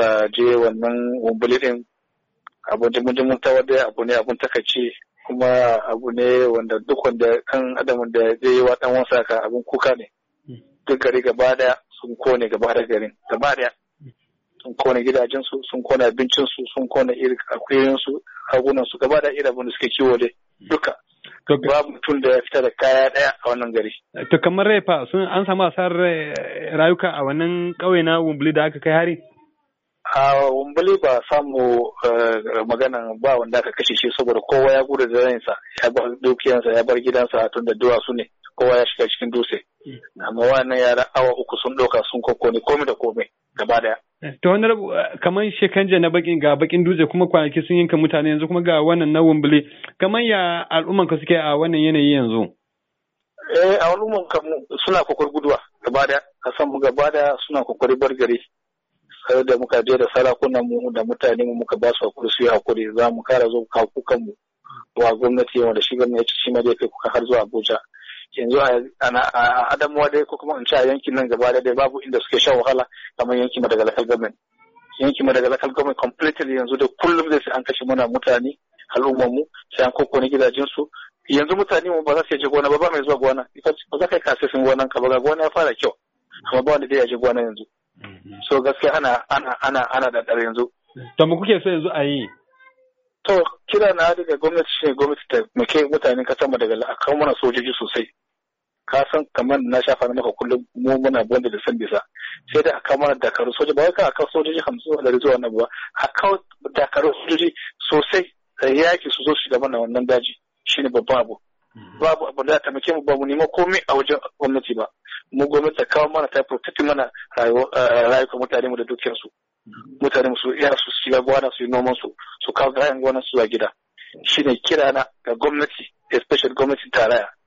suka je wannan wumbulin abu jimin ta da abu ne abun takaici kuma abu ne wanda duk wanda kan adamin da zai yi wa dan wasa ka abun kuka ne duk gari gaba daya sun kone gaba da garin gaba daya sun kone gidajensu sun kone abincinsu sun kone irin akuyoyinsu agunansu gaba da irin abin da suke kiwo dai duka babu mutum da ya fita da kaya daya a wannan gari. To kamar rai fa sun an samu asarar eh, rayuka a wannan ƙauye na Wumbuli da aka kai hari? a wumbali ba samu eh, magana ba wanda aka kashe shi saboda kowa ya gudu da ransa ya bar dukiyansa ya bar gidansa tun da duwatsu ne kowa ya shiga cikin dutse hmm. amma wannan yara awa uku sun ɗauka sun kokkone komai da komai gaba daya eh, ta wani rabu eh, kamar shekanja na bakin ga bakin dutse kuma kwanaki sun yanka mutane yanzu kuma ga wannan na wumbali kamar ya al'umman ka suke a wannan yanayi yanzu eh a al'umman suna kokar guduwa gaba daya kasan mu gaba daya suna kokari bar gari kai da muka je da sarakunan mu da mutane mu muka ba su hakuri su yi hakuri za mu kara zo kuka mu wa gwamnati wanda shi ci shi ma dai kuka har zuwa Abuja yanzu a Adamuwa dai ko kuma in ce a yankin nan gaba da babu inda suke shan wahala kamar yankin Madagalakal government yankin Madagalakal government completely yanzu da kullum zai sai an kashe muna mutane al'ummar mu sai an kokone gidajen su yanzu mutane mu ba za su je gona ba ba mai zuwa gona ba za ka yi kasafin gonan ka ba ga gona ya fara kyau amma ba wanda zai je gona yanzu so gaskiya ana ana ana ana da dare yanzu to mu kuke so yanzu a yi to kira na daga gwamnati shi gwamnati ta muke mutanen kasar mu daga akan mana sojoji sosai ka san kamar na shafa na maka kullum mu muna bonda da san bisa sai da aka mana dakaru soja ba wai ka aka sojoji hamsin da zuwa nan ba aka dakaru sojoji sosai da yaki su zo su shiga mana wannan daji shine babban abu babu abin da ta mace mu ba mu nemo komai a wajen gwamnati ba mu gwamnati ta kawo mana ta protect mana rayuwar eh, mutane mu da dukiyar su mutane mu su yara su shiga gwana su yi noman su su kawo kayan gwana su zuwa gida shine kira na ga gwamnati especially gwamnatin tarayya